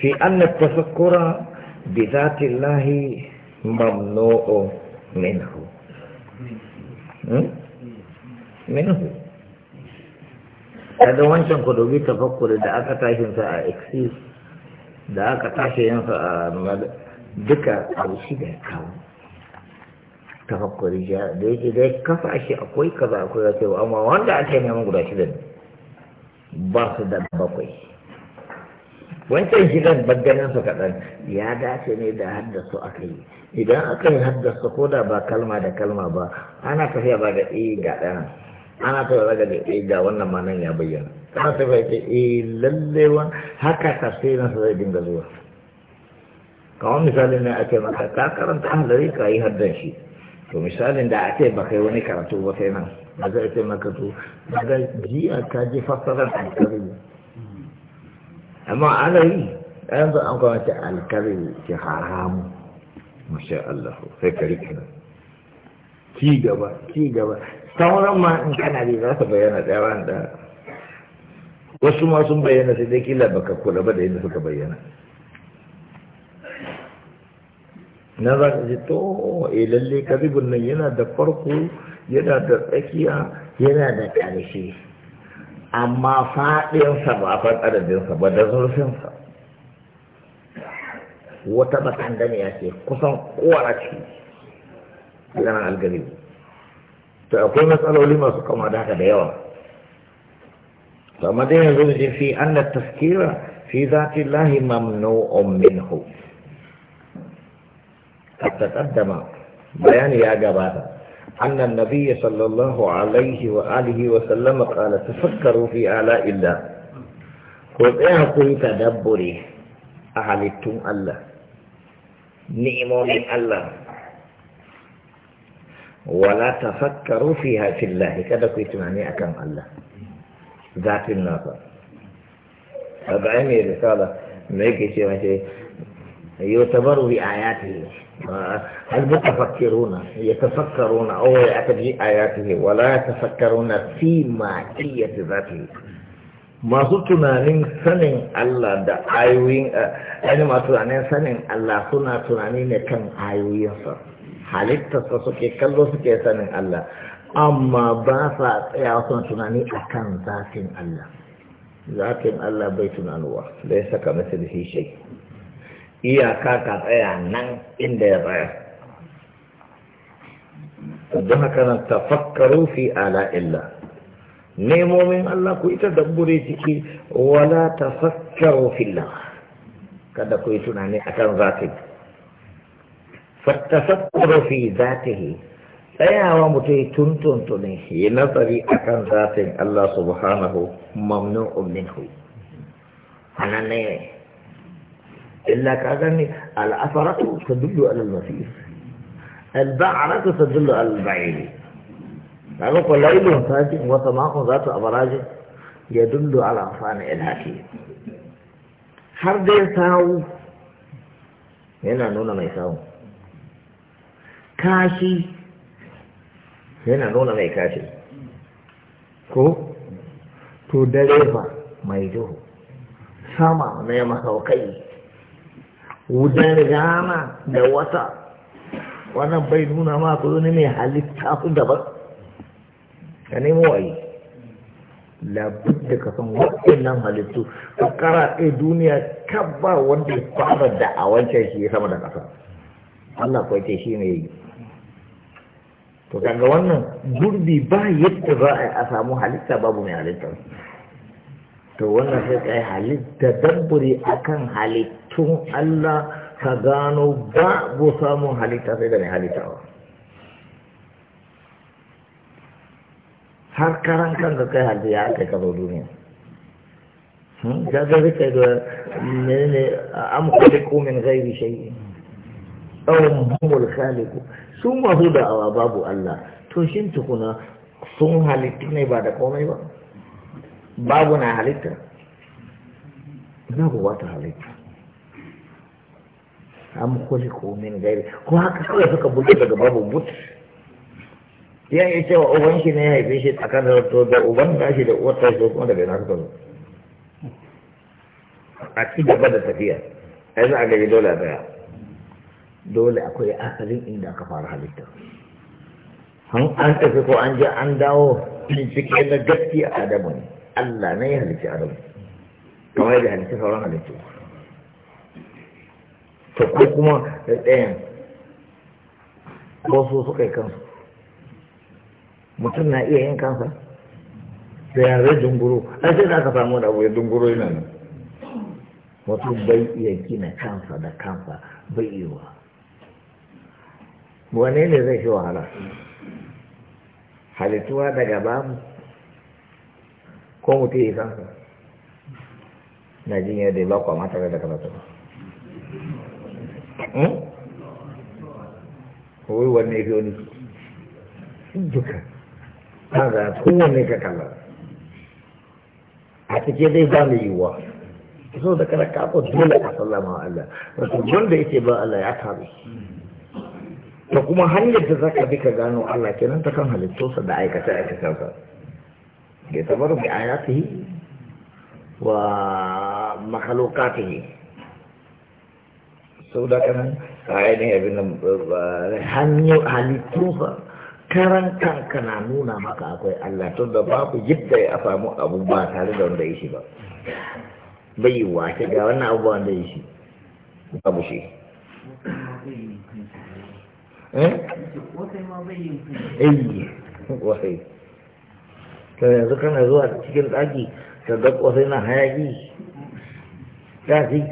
في أن التفكر بذات الله ممنوع منه منه هذا wancan ku dubi tafakkuri da aka tashi a exis da aka tashi yin sa a duka abu shi da tafakkuri ja da yake da kafa shi akwai kaza akwai ya amma wanda ake neman guda shida ba su da bakwai wancan gidan bagganin su kaɗan ya dace ne da haddasa aka yi idan aka yi haddasa ko da ba kalma da kalma ba ana tafiya ba da e ga ɗana ana tafiya ba da e ga wannan ma nan ya bayyana ana tafiya ce e lalle wani haka tafsirin sa zai dinga zuwa kamar misalin ne ake maka ka karanta ahlari ka yi haddan shi to misalin da ake ba kai wani karatu ba sai nan ba zai ce maka to daga jiya ka ji fassarar alkariya amma alayi yi yanzu an kuma ce alkarin ke haramu masha Allah sai ka rike nan ci gaba ci gaba sauran ma in kana ne za su bayyana ɗaya da wasu ma sun bayyana sai dai kila baka kula ba da yadda suka bayyana na za ka ji to e lalle karibin nan yana da farko yana da tsakiya yana da ƙarshe amma faɗinsa ba faɗin adadinsa ba da zurfinsa wata bakandaniya ce kusan kowara ciki ganin algari to akwai matsaloli masu kama da haka da yawa amma dai yanzu je fi anna taskira fi zati lahi mamnu'un minhu ta taqaddama bayani ya gabata أن النبي صلى الله عليه وآله وسلم قال تفكروا في آلاء الله وإعطوا إيه تدبري أهلتم الله من الله ولا تفكروا فيها في الله كذا كنت معني أكم الله ذات النظر أبعيني رسالة ما يجي شيء يعتبر بآياته هل يتفكرون يتفكرون أو يعتبر آياته ولا يتفكرون في معية ذاته ما سوتنا نين سنين الله دا أيوين أنا يعني ما سوتنا نين سنين الله سنا سنا نين كان أيوين صح حالك تصوص كي كلو سكي سنين الله أما باسا يا سنا سنا نين أكان ذاتين الله ذاتين الله بيتنا نوا ليس كمثله شيء iyaka ka tsaya nan inda ya tsaya don haka nan tafakkaru fi ala illa nemomin Allah ku ita dabbure ciki wala tafakkaru fillah kada ku yi tunani akan zatin fattafakkaru fi zatihi tsayawa mutum tuntuntuni yi nazari akan zatin Allah subhanahu mamnu'un minhu anan ne إلا كذلك الأثرة تدل على المسير البعرة تدل على البعيد فأقول يعني ليل فاجئ وسماء ذات أبراج يدل على صانع الحكيم har dai sawu yana nuna mai sawu kashi yana nuna mai kashi ko to dare fa mai duhu sama na wudan rana da wata wannan bai nuna ma ku ne mai halitta su daban ka nemo waye labud da ka san nan halittu ka kara ɗaya duniya kaba wanda ya fara da a wancan shi ya sama da ƙasa Allah kawai ce shi ne yi to kaga wannan gurbi ba yadda za a samu halitta babu mai halitta to wannan sai ka yi halitta dabburi akan halitta tun Allah ka gano babu samun halitta sai da mai halittawa har karan kan ga kai halitta ya kai ka zo duniya kaga hmm? kai da menene am komin min ghairi shay'in aw humul khaliqu su masu awa babu Allah to shi tukuna sun halitta ne ba da komai ba babu na halitta babu wata halitta am khuliqu min gari ko haka kawai suka buɗe daga babu but ya yi cewa uban shi ne ya haife shi tsakanin to da uban da shi da uwar ta shi kuma daga ina suka zo a ci gaba da tafiya ai za a gari dole a daya dole akwai asalin inda aka fara halitta an tafi ko an je an dawo cikin na gaskiya adamu ne Allah ne ya halitta adamu kamar yadda halitta sauran halittu to ko kuma ɗayan ko su suka yi kansu mutum na iya yin kansa da ya zai dunguro ai sai da aka samu da abu ya dunguro yana nan wasu bai iya gina kansa da kansa bai iya wa wane ne zai shi wahala halittuwa daga babu ko mutum ya kansa na jin yadda ba kwa mata da karatu Hmm? wai wanne fi wani duka ta za kowanne ka kalla a cikin dai ba mai yiwuwa so da kana kafa dole ka sallama wa Allah wato wanda yake ba Allah ya taru to kuma hanyar da zaka bi ka gano Allah kenan ta kan halittosa da aikata aikatansa ya tabar bi ayatihi wa makhluqatihi sau da kanan ainihin abin nan hanyar halittunsa karan kanka na ka akwai Allah tun da babu yadda ya samu abu ba da wanda ya shi ba bai wa ta ga wannan abu wanda ya shi babu shi eh, eh yanzu kana zuwa cikin ka ga kwasai na hayaki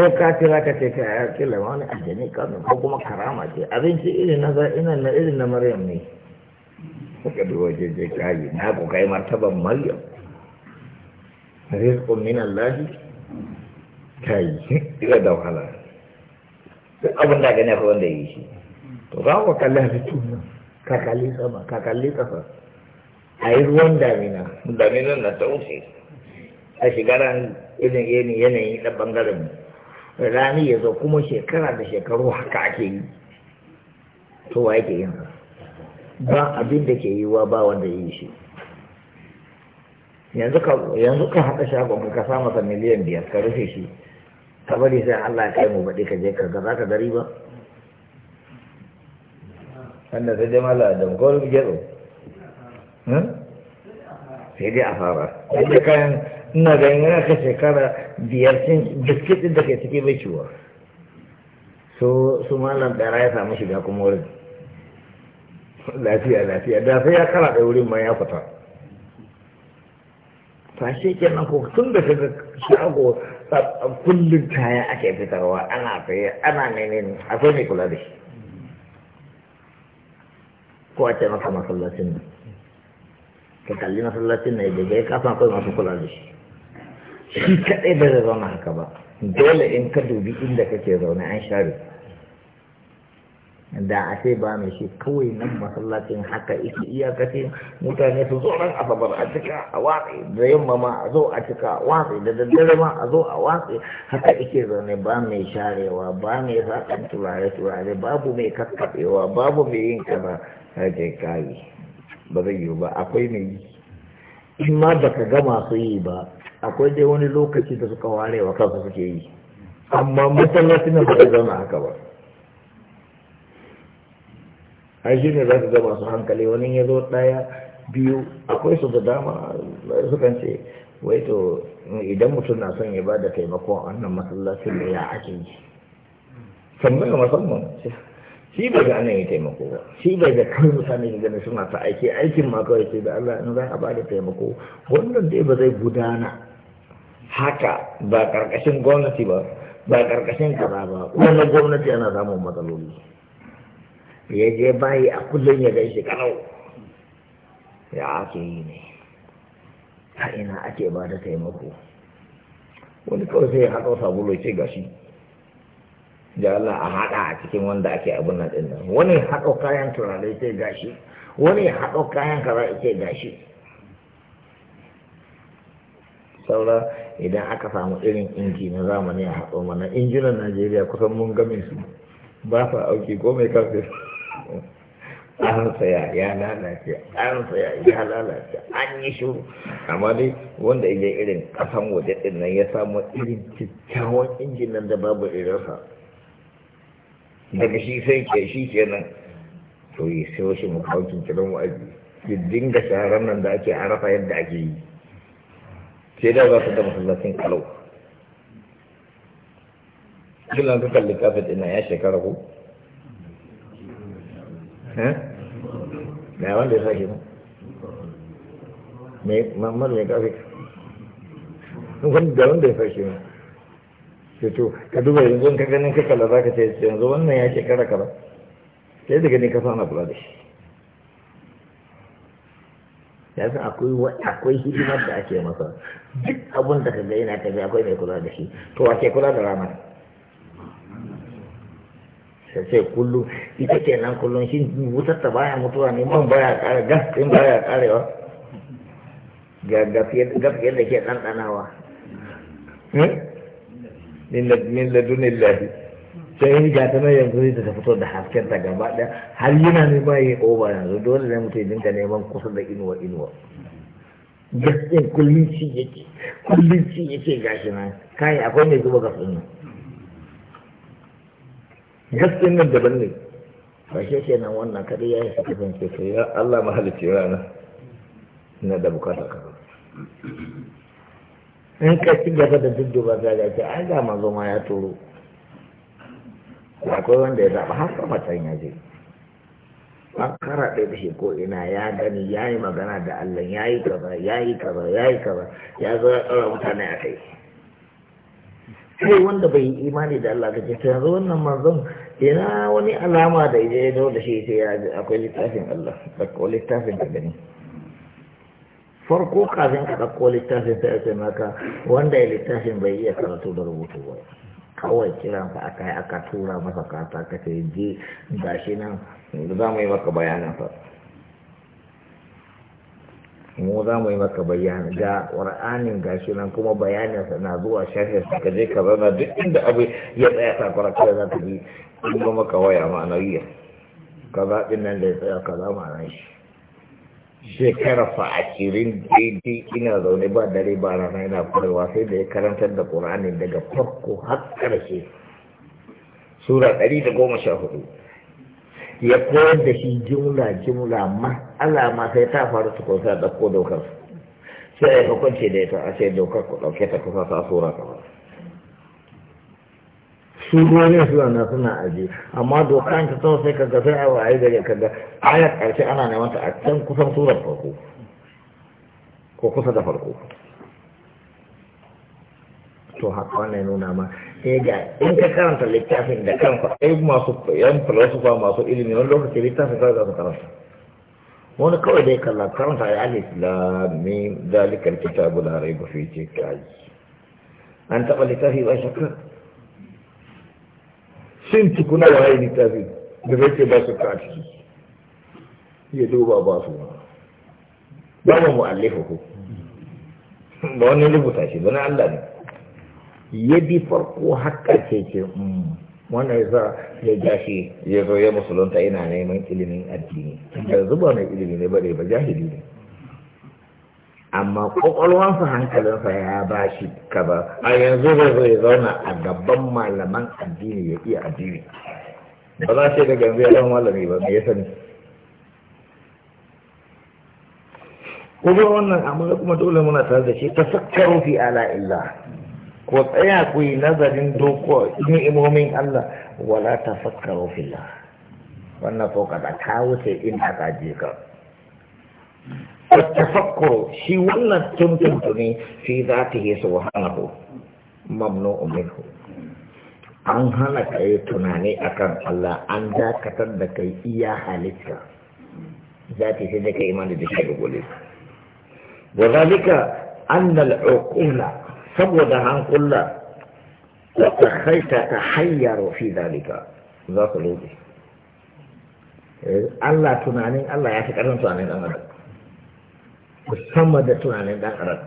ko ka kira ka ce ka ya kila wani ka kanu ko kuma karama ce abinci irin na ina na irin na maryam ne suka bi waje je kayi na ku kai martaban maryam rizqun min allah kai ila da wala duk abin da gane ko wanda yi shi to ga ku kalli halittu ka kalli sama ka kalli kafa a yi ruwan damina daminan na ta wuce a shigaran irin yanayi na bangaren mu rani ya zo kuma shekara da shekaru haka ake yi to wa yake yin ba abin da ke yiwa ba wanda ya yi shi yanzu ka haɗa shagon ka sa masa miliyan biyar ka rufe shi ka bari sai Allah ya kai mu baɗi ka je ka ga za ka gari ba wanda sai jamala da gol gero hmm? sai dai a fara sai kayan ina ganin yana ka shekara biyar cin biskit da ke ciki bai ciwo so su malam ɗara ya samu shiga kuma wurin lafiya lafiya da sai ya kara da wurin ma ya fita fashe kenan ko tun da shiga shago kullum kaya ake fitarwa ana saye ana menene akwai mai kula da shi ko a ce masa masallacin nan ka kalli masallacin nan da ya kafa akwai masu kula da shi shi kaɗai ba zai zauna haka ba dole in ka dubi inda kake zaune an share da a sai ba mai shi kawai nan masallacin haka iki iyakacin mutane su zo nan asabar a cika a watsi da yamma ma a zo a cika a watsi da daddare ma a zo a watsi haka ike zaune ba mai sharewa ba mai sakan turare turare babu mai kakkaɓewa babu mai yin kaza kai ba zai yiwu ba akwai mai yi in ma ba ka gama su yi ba akwai dai wani lokaci da suka ware wa kansu suke yi amma masallaci na zai zama haka ba ai shi ne za su zama su hankali wani ya zo ɗaya biyu akwai su da dama su kan ce wai to idan mutum na son ya ba da taimako a wannan masallacin da ya ake yi tambaya musamman shi ba ga anan taimako ba shi ba ga kan mutane da na suna ta aiki aikin ma kawai ce da Allah in za a bada taimako wannan dai ba zai gudana haka ba karkashin gwamnati ba ba karkashin kaza ba wannan gwamnati yana samun matsaloli ya je bayi a kullum ya gaishe kanau ya ake yi ne a ina ake bada taimako wani kawai sai ya haɗa sabulu ce gashi da Allah a haɗa a cikin wanda ake abin nan ɗin nan wani haɗo kayan turare sai gashi wani haɗo kayan kaza sai gashi saura idan aka samu irin inji na zamani a haɗo mana injinan najeriya kusan mun game su ba sa auki ko mai kafe an saya ya lalace an saya ya lalace an yi shuru amma dai wanda ya irin kasan waje ɗin nan ya samu irin kyakkyawan injin da babu irinsa daga shi sai ke shi kenan to yi sai wasu makawacin kiran wa'azi ki dinga shaharar nan da ake arafa yadda ake yi sai da za su da masallacin kalau kila ka kalli kafin ina ya shekara ko na wanda ya sake mai mamman mai kafin wanda ya sake mai to ka duba yanzu ka ganin ka kala zaka ce yanzu wannan ya ke kara kara sai da gani ka sana kula da shi ya san akwai akwai hidimar da ake masa duk abin da ka ga ta tafi akwai mai kula da shi to ake kula da rana sai sai kullum ita ke nan kullum shi wutar ta baya mutuwa ne man baya kara gas din baya karewa ga gafiyar da ke ɗanɗanawa hmm? min ladun illahi sai ga ta nan yanzu zai ta fito da hasken ta gaba daya har yana ne ba yi oba yanzu dole ne mutum dinka neman kusa da inuwa inuwa gaskiya kullum shi yake kullum shi yake gashi nan kai akwai mai zuba gasin nan gaskiyan nan daban ne ba shi ke nan wannan kada ya yi kasance to ya Allah mahalicci rana na da bukata ka in ka ci gaba da ba ta ga ce ai ga manzo ma ya turo akwai wanda ya zaɓa har sama can ya je an kara ɗaya da shi ko ina ya gani ya yi magana da Allah ya yi kaza ya yi kaza ya yi kaza ya zo ya ɗaura mutane a kai kai wanda bai yi imani da Allah ka ce ta yanzu wannan manzon ina wani alama da ya zo da shi sai ya akwai littafin Allah akwai littafin da gani farko kafin ka ɗauko littafin ta yace maka wanda ya littafin bai iya karatu da rubutu ba kawai kiran ka aka yi aka tura masa kata ka ce je shi nan za mu yi maka bayanin fa mu za mu yi maka bayanin ga ƙur'anin shi nan kuma bayanin sa na zuwa shafin sa ka je ka zana duk inda abu ya tsaya takwarar kai za ka yi kuma maka waya ma'anariya ka zaɓi nan da ya tsaya kaza a shi shekara fa cirin daidai ina zaune ba dare ba rana ina farawa, sai da ya karantar da ƙur'ani daga farko har ƙarshe sura ɗari da goma sha hudu ya koyar da shi jimla jimla mas'ala ma sai ta faru tukun sa ɗauko dokar sai ya kwakwance da ya ta ashe dokar ku ɗauke ta kusa sa sura kamar su gonin suna na suna aji amma dokan ta sau sai kaga sai awa ayi daga kaga ayar karshe ana neman ta a can kusan surar farko ko kusa da farko to haka wannan nuna ma sai eh, ga in ka karanta littafin da kanka ai masu yan filosofa masu ilimi wani lokaci littafin kawai za su karanta wani kawai dai kalla karanta ya alif la mi zalikal kitabu la raiba fi ce kaji an taba littafi ba shakka Cin tukuna waye littafi da zai ce ba su ta ciki ya duba ba su ba ba mu allifa ko ba wani rubuta shi ba Allah ne ya bi farko haka ce ce mm, wannan ya sa ya gashi ya zo ya musulunta ina neman ilimin addini yanzu ba mai ilimi ne ba dai ba jahili ne amma hankalin sa ya ba shi ba a yanzu zai zai zauna a gaban malaman addini ya iya addini ba za ce daga yanzu ya zama malami ba me ya sani kuma wannan amma kuma dole muna tare da shi ta sakkaru fi ala illa ko tsaya ku yi nazarin doko ni'imomin Allah wala ta sakkaru fi la wannan fokata ka wuce in aka je ka التفكر شي ولا تنتني في ذاته سبحانه ممنوع منه an hana ka yi tunani akan Allah an dakatar da kai iya halitta za ta sai da kai imani da shi gole wa zalika annal uqula saboda hankula wa ta fi zalika za su lobe Allah tunanin Allah ya fi karin tunanin dan sama da tunanin dan adam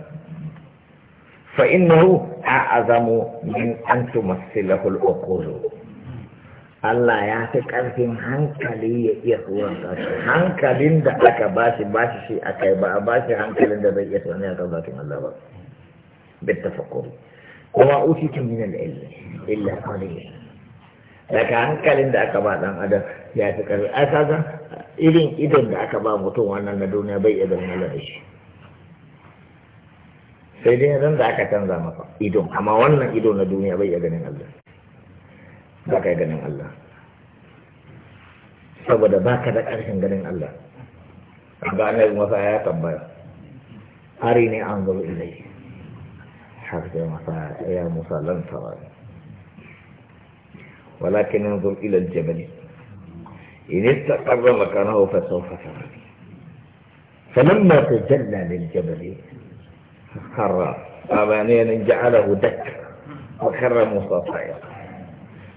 fa innahu a'azamu min an tumassilahu al-uqul Allah ya fi karfin hankali ya iya tsoron kashi hankalin da aka ba shi ba shi shi aka yi ba a ba shi hankalin da zai iya tsoron ya kan Allah ba bai tafakkuri kuma utitu min al da illa qalil daga hankalin da aka ba dan adam ya fi karfi a kaga irin idon da aka ba mutum wannan na duniya bai iya zama da shi sai dai nan da aka canza masa ido amma wannan ido na duniya bai iya ganin Allah ba ka ganin Allah saboda ba ka da ƙarshen ganin Allah ga annabi masa ya tambaya hari ne an zuru ilai har sai masa ya musa lan tawari walakin anzur ila al-jabal in istaqarra makanahu fa sawfa tarani فلما تجلى للجبل خر أبانين جعله دك وخر موسى صعيد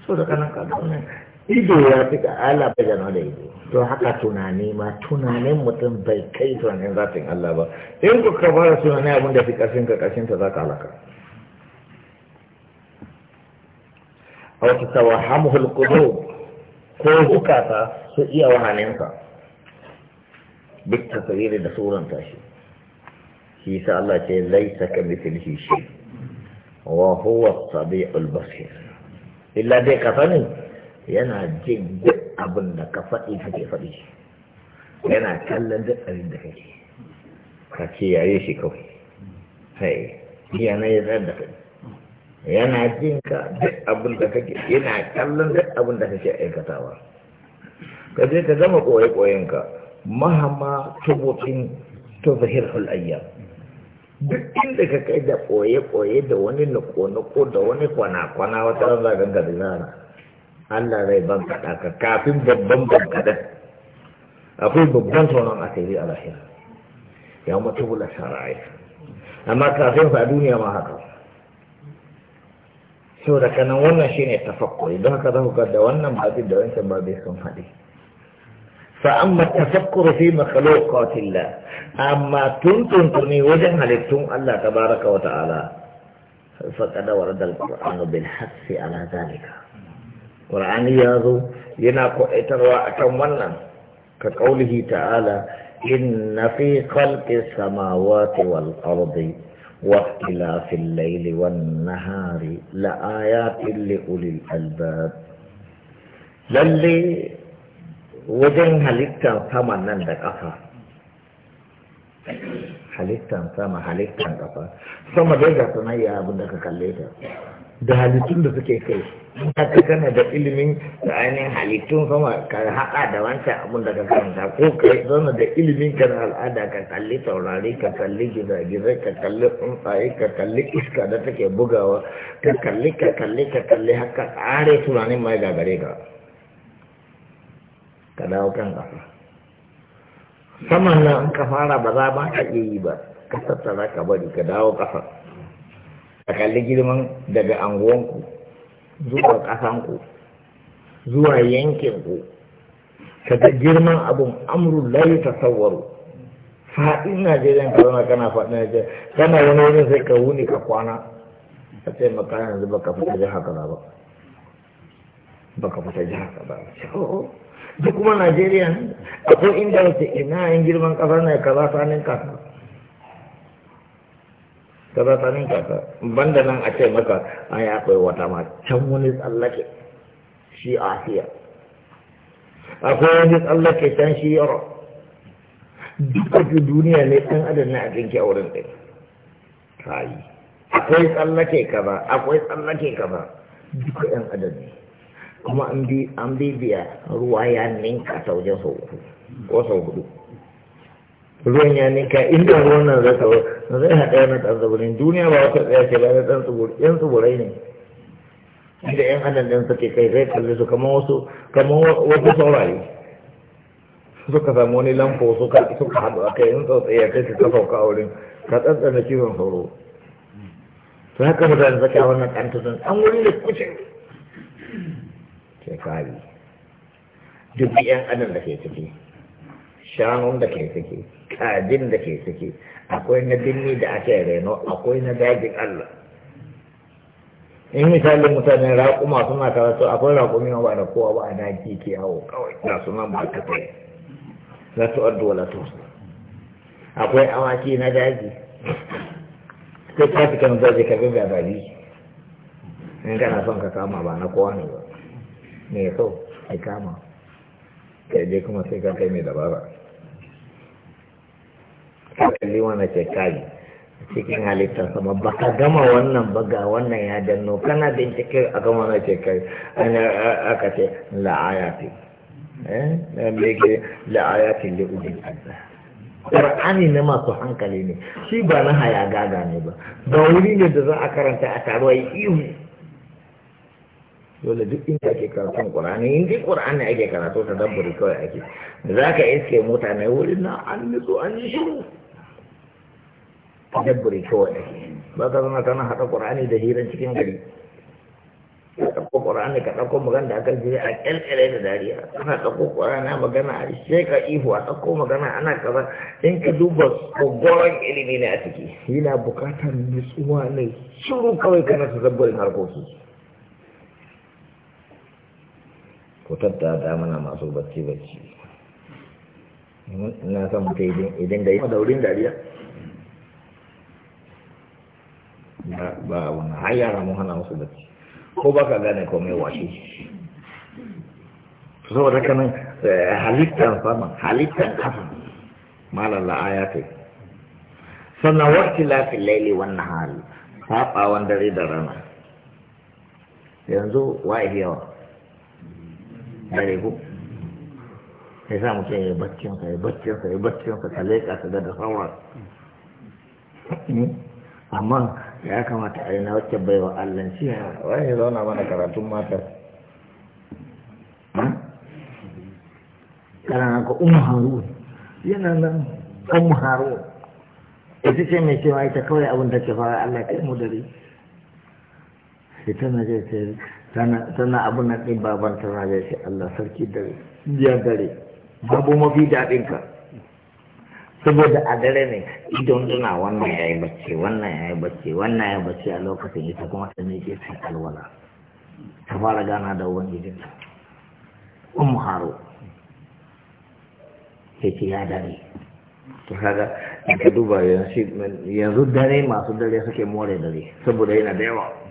سورة كان قال ido ya fi ala bajan da ido to haka tunani ma tunanin mutum bai kai tunanin zafin Allah ba in ku ka fara tunanin abin da fi ƙarfin ka ƙarfin ta za ka halaka a wata tawahamuhul kudu ko zukata su iya wahaninsa duk tasiri da suran tashi كيسا الله كي ليس كمثله شيء وهو الصبيع البصير إلا دي قفني ينا جد أبن كفائي فكي فدي ينا كلن دي أبن دي فكي عيشي كوي هي ينا يزعب دي ينا جنك دي أبن دي ينا كلن دي أبن دي شيء كتاوى كذلك زمك ويقوينك مهما تبطن تظهره الأيام duk inda ka kai da koye-koye da wani nuko-nuko da wani kwana-kwana wata ran ka ga dinara Allah zai ban kaɗa ka kafin babban ban akwai babban tsoron a a lahira ya mutu bula sara'ai amma kafin sa duniya ma haka sau da kanan wannan shine tafakkuri don haka za ku ga da wannan babin da wancan babin sun faɗi. فأما التفكر في مخلوقات الله أما تنتنتني وجه لتن الله تبارك وتعالى فقد ورد القرآن بالحث على ذلك القرآن ياذو يناكو اتروا أكمنا كقوله تعالى إن في خلق السماوات والأرض واختلاف الليل والنهار لآيات لأولي الألباب للي wajen halittar sama nan da ƙasa halittar sama halittar ƙasa sama dai ga sanayya abin da ka kalle ta da halittun da suke kai haka kana da ilimin da ainihin halittun sama ka haɗa da wancan abin da ka karanta ko ka zauna da ilimin ka na al'ada ka kalli taurari ka kalli gizagizai ka kalli tsuntsaye ka kalli iska da take bugawa ka kalli ka kalli ka kalli haka tsare tunanin mai gagare ka ka dawo kan ƙasa saman nan in ka fara ba za ba ka iya yi ba ka tattara ka bari ka dawo ƙasa ka kalli girman daga anguwanku zuwa ƙasanku zuwa yankinku ka ga girman abun amru lai tasawwaru faɗin najeriya ka zama kana faɗin najeriya kana wani wani sai ka wuni ka kwana a ce maka yanzu baka fita jihar haka ba baka fita jihar haka ba oh, oh. duk kuma najeriya akwai inda wata ina yin girman kasar ne kaza tsanin kasa kaza tsanin kasa banda nan a ce maka yi akwai wata ma can wani tsallake shi asiya akwai wani tsallake can shi yaro duka duniya ne ɗan adam na abinci a wurin ɗin kayi akwai tsallake kaza akwai tsallake kaza duka ɗan adam ne kuma an bibiya ruwa ya ninka ta wajen sau uku ko sau hudu ruwan ya ninka inda ruwan nan za ta zai haɗa yana ɗan tsibirin duniya ba wata tsaya ce ba ɗan tsibirai ɗan tsibirai ne inda yan adam ɗan suke kai zai kalli su kamar wasu kamar wasu saurayi suka samu wani lamfo suka suka haɗu a kai in tsautsaye ya kai su ka sauka a wurin ka tsantsana ciwon sauro to haka mutane suke a wannan ɗan sun ɗan wuri da kucin nisabi duk yan adam da ke ciki shanun da ke ciki kajin da ke ciki akwai na binni da ake reno akwai na dajin Allah in misalin mutane raƙuma suna karatu akwai raƙumi ba da kowa ba a daji ke hawo kawai na suna ta kai na su addu'a na su akwai awaki na daji sai ka fi kan zaje ka ga gabari in kana son ka kama ba na kowa ne ba mai kau a kama ka dai kuma sai ka kai mai dabara kalli wanda ke kai cikin halitta sama ba ka gama wannan ba ga wannan ya danno kana cikin a gama na ke kai aka ce fi eh me ke la'ayati li ulil azza Qur'ani na masu hankali ne shi ba na gaga ne ba ba wuri ne da za a karanta a taruwa ihu dole duk inda ake karatun Qur'ani in dai Qur'ani ake karatu ta dabbari kawai ake za ka iske mutane wurin na an nutsu an shi shiru dabbari kawai ake ba ka zama kana haɗa Qur'ani da hiran cikin gari ka ɗauko Qur'ani ka ɗauko magana da aka jiri a ƙyanƙyare da dariya kana dauko Qur'ani magana a sheka ihu a ɗauko magana ana kaza in ka duba gogoron ilimi ne a ciki yana buƙatar nutsuwa ne shiru kawai kana ta zabbarin harkoki ku tattata mana masu bacci bacci na san mutu idan da yi madaurin dariya ba wani hayara mu hana masu bacci ko ba ka gane komai washe saboda kanan eh, halittar saman halittar kafin malalla ayatai sannan wakti lafi laili wannan hali saɓawan dare da rana yanzu wa yawa dare sai sa mutum ya baccin sa ya baccin sa ya baccin sa ka leka ka ga da sauran hmm? amma ya kamata a yi na wacce bai wa Allah shi wani zauna mana karatun matar hmm? kana na ka umu haru yana nan umu harun ita ce mai cewa ita kawai abin da ke fara Allah kai mu dare ita na je sai tana abu na ɗin baban tana da shi Allah sarki dare biya dare babu mafi daɗin ka saboda a dare ne idan duna wannan ya yi bacci wannan ya yi bacci wannan ya bacci a lokacin ita kuma ta miƙe ta alwala ta fara gana da wani ta um haro ya ce ya dare to kaga in ka duba yanzu dare masu dare suke more dare saboda yana da yawa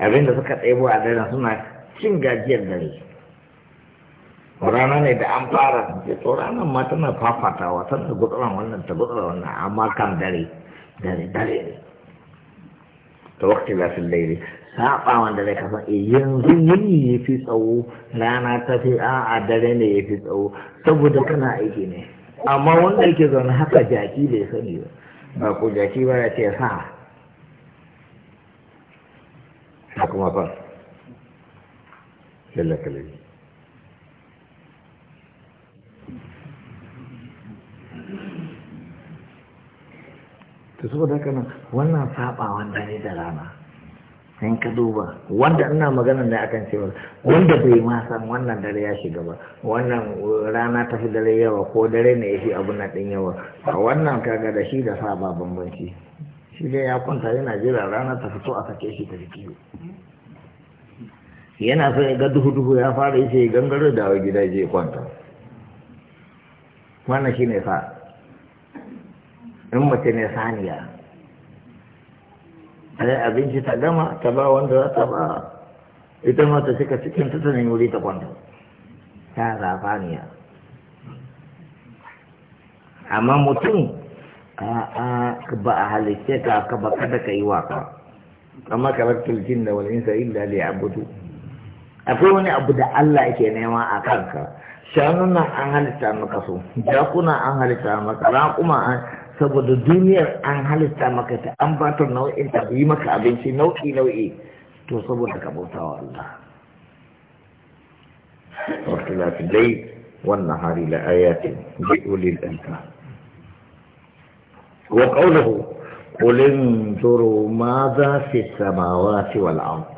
abin da suka ɗebo a dare suna cin gajiyar dare rana ne da an fara ce to ranar ma tana fafatawa tana gudura wannan ta gudura wannan amma kan dare dare dare ne ta wakti lafin laili saɓa wanda zai kasan yanzu yini ya fi tsawo rana ta fi a dare ne ya fi tsawo saboda kana aiki ne amma wanda yake zaune haka jaki bai sani ba ba ko jaki ba ya ce sa ta kuma fa lalla kalai ta so da kanan wannan sabawan ne da rana in ka duba wanda ina magana ne akan cewa wanda bai ma san wannan dare ya shiga ba wannan rana ta fi dare yawa ko dare ne ya fi abu na din yawa a wannan kaga da shi da sa ba bambanci shi dai ya kwanta yana jira rana ta fito a sake shi ta kiwo yana so ya ga duhu-duhu ya fara yi sai gangaro da wa gida je kwanta wannan shi ne sa in mace ne saniya sai abinci ta gama ta ba wanda za ta ba ita ma ta shika cikin ta tanin wuri ta kwanta ta saniya amma mutum a'a ba a halitta ka ka ba kada ka yi waka amma karaktul da wani insa illa abudu. akwai wani abu da Allah yake nema a kanka shanun nan an halitta maka so. jakuna an halitta maka raƙuma an saboda duniyar an halitta maka ta an ba ta nau'in ta yi maka abinci nau'i nau'i to saboda ka bauta wa Allah lafi dai wannan hari la ayatin bi ulil wa qawluhu qul inzuru ma za fi samawati wal ard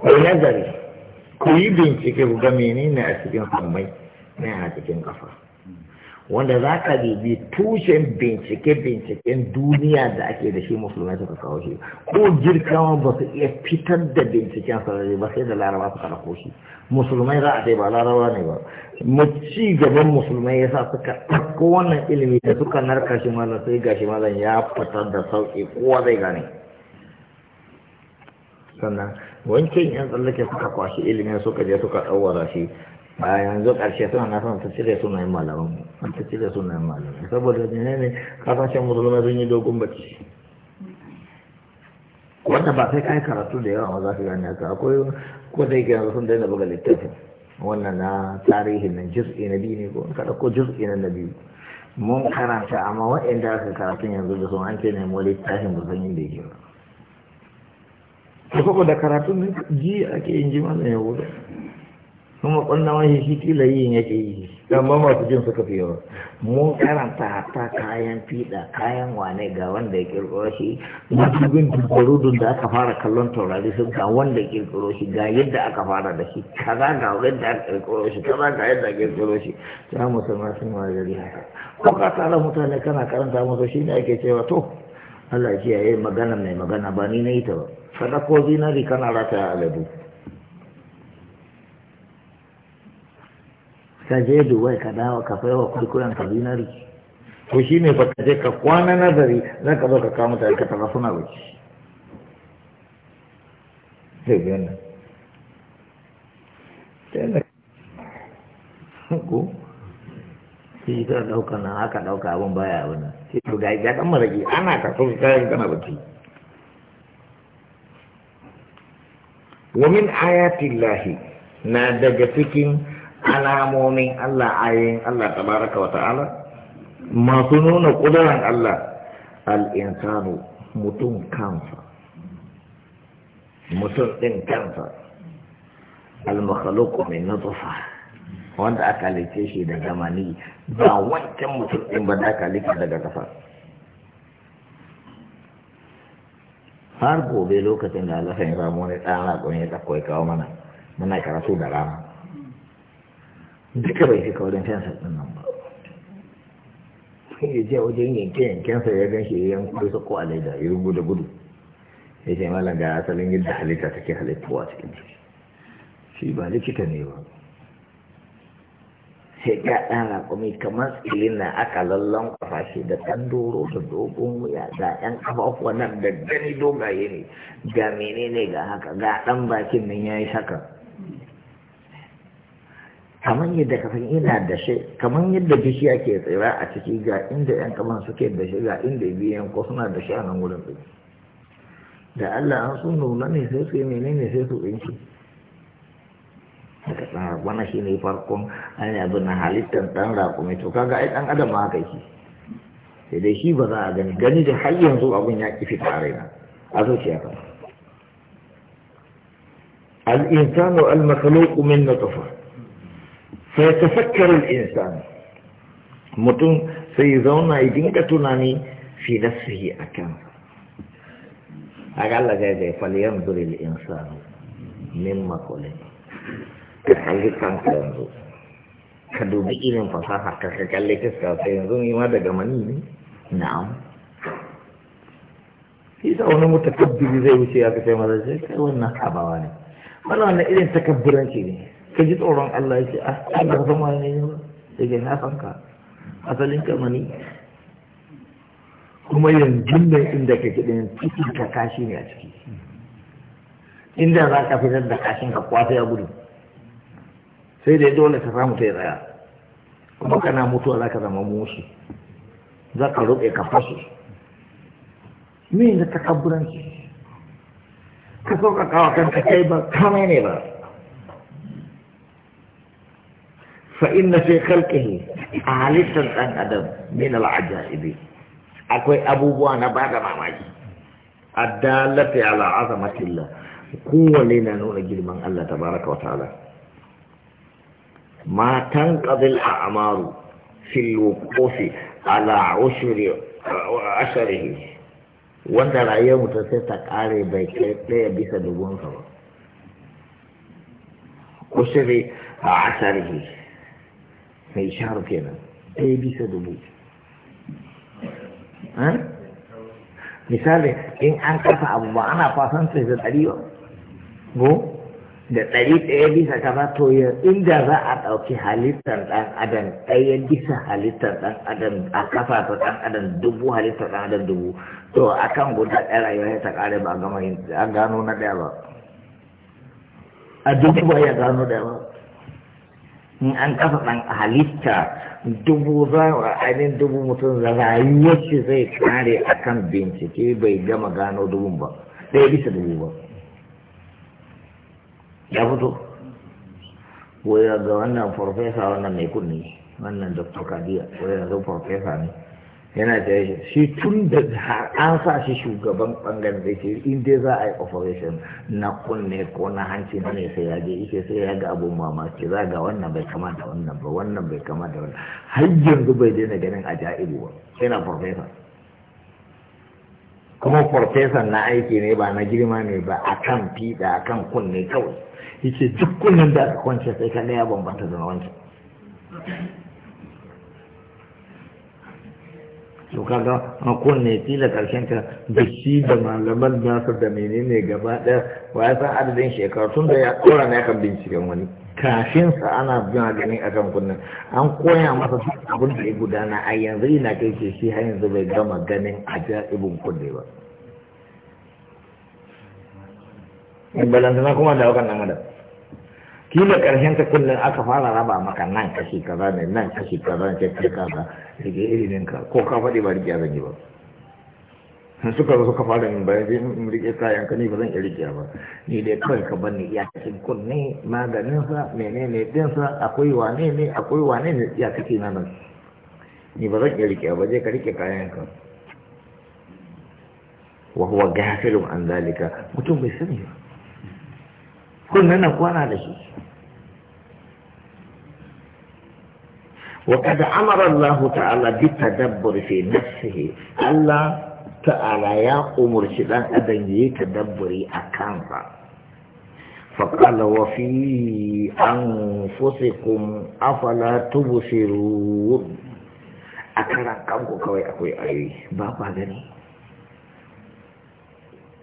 ku nazari ku yi bincike ku ga menene a cikin sammai ne a cikin ƙafa. wanda za ka bibi tushen bincike-binciken duniya da ake da shi musulmai suka kawo shi ko girkawa ba su iya fitar da binciken sarari ba sai da laraba suka ɗauko shi musulmai za a ce ba laraba ne ba mu ci gaban musulmai yasa suka ɗauko wannan ilimi da suka narka shi mana sai gashi mazan ya fitar da sauƙi kowa zai gane sannan wancan yan tsallake suka kwashi ilimin suka je suka ɗaura shi a yanzu ƙarshe suna na son ta cire sunayen malaman an ta cire sunayen malaman saboda ne ne kasashen musulmai sun yi dogon bacci wanda ba sai kai karatu da yawa za ka gane haka akwai ko da yake yanzu sun daina buga littafin wannan na tarihin na juz'i na biyu ne ko kada ko juz'i na na biyu mun karanta amma waɗanda aka karatun yanzu da sun an ce nemo littafin ba san inda yake ba saboda karatun ji ake yin jima'a ne ya wuce kuma ƙunna wani shi kila yin yake yi ba masu jin suka fi yawa mun karanta ta kayan fiɗa kayan wane ga wanda ya ƙirƙiro shi matubin dubbarudun da aka fara kallon taurari sun ga wanda ya ƙirƙiro shi ga yadda aka fara da shi kaza ga yadda aka ƙirƙiro shi kaza ga yadda aka ƙirƙiro shi ta mu sun wa gari haka ko ka tara mutane kana karanta musu shi ne ake cewa to Allah ya ce yi magana mai magana ba ni na yi ta ba sadako zinari kana rataya aladu ka je dubai ka dawo ka fai wa kurkuren ka zinari to shi ne baka je ka kwana nazari za ka zo ka kawo mutane ka tafa suna wuce zai biyan nan sai na ko shi ta dauka nan haka dauka abin baya abin nan sai to ga ya ɗan marage ana ka so kayan kana bacci ومن آيات الله na daga cikin alamomin Allah ayoyin Allah tabaraka wa ta'ala masu nuna kuduran Allah al'insanu mutum kansa mutum ɗin kansa al-makhluqu min nutfa wanda aka halice shi da zamani ba wancan mutum ɗin ba da aka halice daga kafa har gobe lokacin da Allah ya samu wani ɗan raƙon ya kawo mana muna karatu da rana duka bai fi kaurin fensa ɗin nan ba ya je wajen yanke yankensa ya gan shi yan kudu su ko alaida ya rubu da gudu ya ce malam ga asalin yadda halitta take halittuwa cikin ciki shi ba likita ne ba sai ga ɗan raƙumi kamar tsilin na aka lallon kafa shi da ɗan doro da dogon wuya ga ɗan kafafuwa nan da gani dogaye ne ga menene ga haka ga ɗan bakin nan ya yi haka kamar yadda kafin ina da shi kamar yadda bishi ake tsira a ciki ga inda yan kaman suke da shi ga inda biyan ko suna da shi a nan wurin ɗin da Allah an sun nuna ne sai su yi ne sai su ɗinki daga tsara wani shi ne farkon an yi abin halittar ɗan raƙumi to kaga ai ɗan adam ma haka shi sai dai shi ba za a gani gani da har yanzu abin ya ƙi fita a raina a zuciya ka al-insanu al-makhluqu min nutfah فيتفكر الإنسان متون سيزون عيدين كتناني في نفسه أكام أقال لك هذا فلينظر الإنسان مما قلت كحلي كان ينظر كدوبي إلين فصاحة كحلي كسكا سينظر ماذا نعم إذا أنا متكبر زي وشي أكتب ماذا زي كأونا حبواني ولا أنا إلين تكبرا كده ka ji tsoron Allah ya ce a an da san wani ne ba daga na san ka asalin ka mani kuma yanzu ne inda ka kiɗin cikin ka kashi ne a ciki inda za ka fitar da kashin ka kwata ya gudu sai dai dole ka samu ta yi tsaya kuma kana mutuwa za ka zama musu za ka ruɓe ka fasu me da takabburanci ka sauƙaƙa wa kanka kai ba kamai ne ba Fa na fi kalkini a halittar ɗan adam min al’ajar akwai abubuwa na ba da mamaki a dalata ya la’aza matilla kowane na nuna girman Allah ta baraka wa ta’ala matan ƙazil a amaru filo kofi ala ashirin wanda rayuwar mutum sai ta kare bai kai ɗaya bisa dubuwansa ba ashirin mai sharu kenan ɗaya bisa dubu eh? misali in an kasa abu ba ana fasan sai da ɗari ba go da ɗari ɗaya bisa kaza to ya inda za a ɗauki halittar ɗan adam ɗaya bisa halittar ɗan adam a kafa ta ɗan adam dubu halittar ɗan adam dubu to a kan guda ɗaya rayuwa ta ƙare ba a gama yin an gano na ɗaya ba a dubu ba ya gano ɗaya ba in an kafa ɗan halitta dubu za a ainihin dubu mutum rayuwar shi zai kare a kan bincike bai gama gano dubun ba ɗaya bisa dubu ba ya fito wai ga wannan farfesa wannan mai kunni wannan dr kadiya wai yanzu farfesa ne yana da shi tun da an sa shi shugaban bangaren da ke in dai za a yi operation na kunne ko na hanci na ne sai ya je ike sai ya ga abun mamaki za ga wannan bai kama da wannan ba wannan bai kama da wannan har yanzu bai daina ganin ajaibu ba sai na professor kuma professor na aiki ne ba na girma ne ba a kan fiɗa a kan kunne kawai yake duk kunnen da aka kwance sai ka ya bambanta da wancan to kaga a kunne tila karshen da shi da malaman nasa da menene gaba daya wa ya san adadin shekaru tun da ya tsora na yakan binciken wani kafin sa ana bin ganin kan kunnen an koya masa duk abin da ya gudana a yanzu yana kai ce shi har yanzu bai gama ganin ajaibin kunne ba. Balantana kuma da wakan nan madam. kila karshen ta kullum aka fara raba maka nan kashi kaza ne nan kashi kaza ne kashi kaza ne ke irin ka ko ka faɗi ba rike zan yi ba suka zo suka fara min bayan zai in rike kayan ka ni ba zan iya rikiya ba ni dai kawai ka bani ni iyakacin kunne sa menene sa akwai wane ne akwai wane ne iyakaci na nan ni ba zan iya rikiya ba je ka rike kayan ka wa huwa gafilun an dalika mutum bai sani ba kullum na kwana da shi وقد أمر الله تعالى بالتدبر في نفسه الله تعالى يا أمر شدان أدن تدبري أكانفا فقال وفي أنفسكم أفلا تبصرون أكرا كمكو كوي أكوي أي بابا غني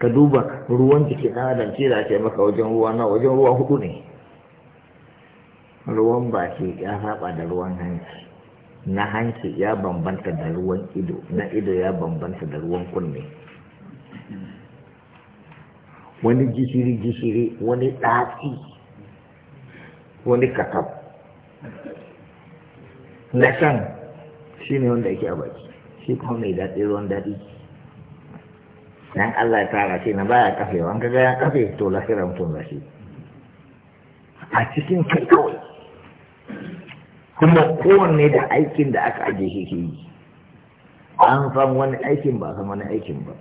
ka duba ruwan jikin ɗan adam ce da ce maka wajen ruwa na wajen ruwa hudu ne ruwan baki ya saba da ruwan hanci na hanci ya bambanta da ruwan ido na ido ya bambanta da ruwan kunne wani gishiri-gishiri wani ɗaci, wani kakaf na can shi ne wanda yake a baki shi kuma mai daɗi ruwan daɗi dan Allah ya tara shi na baya kafe, wanka kaga ya kafe to lafiran tun shi a cikin kai kawai kuma kowanne da aikin da aka ajiye shi ke yi an san wani aikin ba san wani aikin ba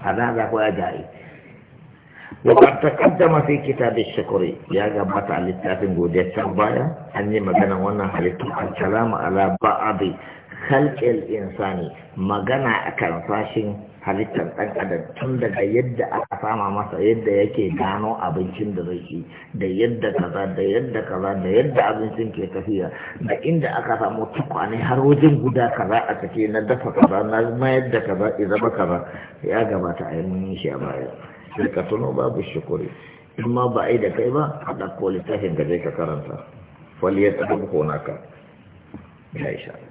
hada za ku ya jari wakar ta kaddama fi kita da shakuri ya gabata a littafin godiya can baya an yi magana wannan halittu an kalama ala ba'adi khalqil insani magana akan fashin halittar ɗan adam tun daga yadda aka sama masa yadda yake gano abincin da zai ci da yadda kaza da yadda kaza da yadda abincin ke tafiya da inda aka samu tukwane har wajen guda kaza a cike na dafa kaza na mayar da kaza ya zama kaza ya gabata a yi mun shi a baya sai tuno babu shukuri in ma ba a yi da kai ba a ɗauko littafin da zai ka karanta faliyar ɗaukar ka ya isha